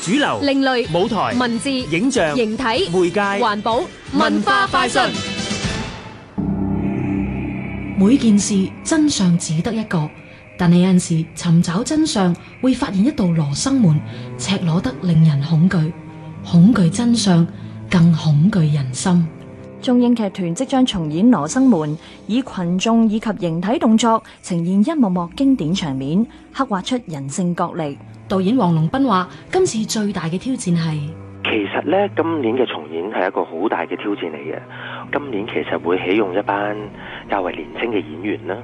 主流、另類舞台、文字、影像、形體、媒介、環保、文化、快訊。每件事真相只得一個，但係有陣時尋找真相會發現一道羅生門，赤裸得令人恐懼。恐懼真相，更恐懼人心。中英劇團即將重演《羅生門》，以群眾以及形體動作呈現一幕幕經典場面，刻畫出人性角力。導演黃龍斌話：今次最大嘅挑戰係，其實呢，今年嘅重演係一個好大嘅挑戰嚟嘅。今年其實會起用一班較為年輕嘅演員啦。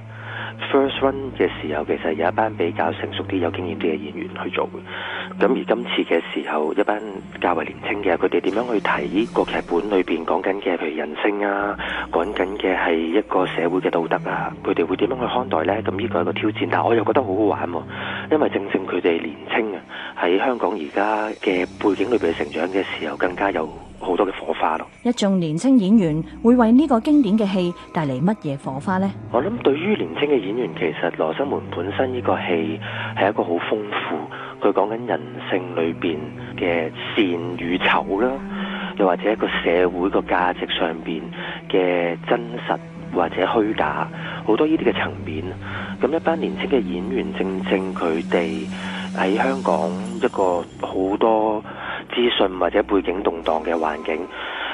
First one 嘅時候，其實有一班比較成熟啲、有經驗啲嘅演員去做嘅。咁而今次嘅時候，一班較為年青嘅，佢哋點樣去睇個劇本裏邊講緊嘅，譬如人性啊，講緊嘅係一個社會嘅道德啊，佢哋會點樣去看待呢？咁呢個係一個挑戰，但我又覺得好好玩，啊，因為正正佢哋年青啊，喺香港而家嘅背景裏邊成長嘅時候，更加有。好多嘅火花咯！一眾年輕演員會為呢個經典嘅戲帶嚟乜嘢火花咧？我諗對於年輕嘅演員，其實《羅生門》本身呢個戲係一個好豐富，佢講緊人性裏邊嘅善與醜啦，又或者一個社會個價值上邊嘅真實或者虛假，好多呢啲嘅層面。咁一班年輕嘅演員，正正佢哋喺香港一個好多。資訊或者背景動盪嘅環境，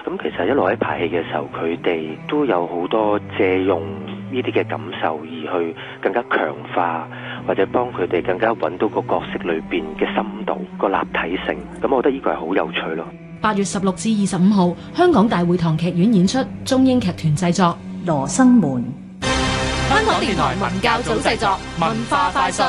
咁其實一路喺排戲嘅時候，佢哋都有好多借用呢啲嘅感受而去更加強化，或者幫佢哋更加揾到個角色裏邊嘅深度、個立體性。咁我覺得呢個係好有趣咯。八月十六至二十五號，香港大會堂劇院演出中英劇團製作《羅生門》。香港電台文教組製，製，製作《文化快訊》。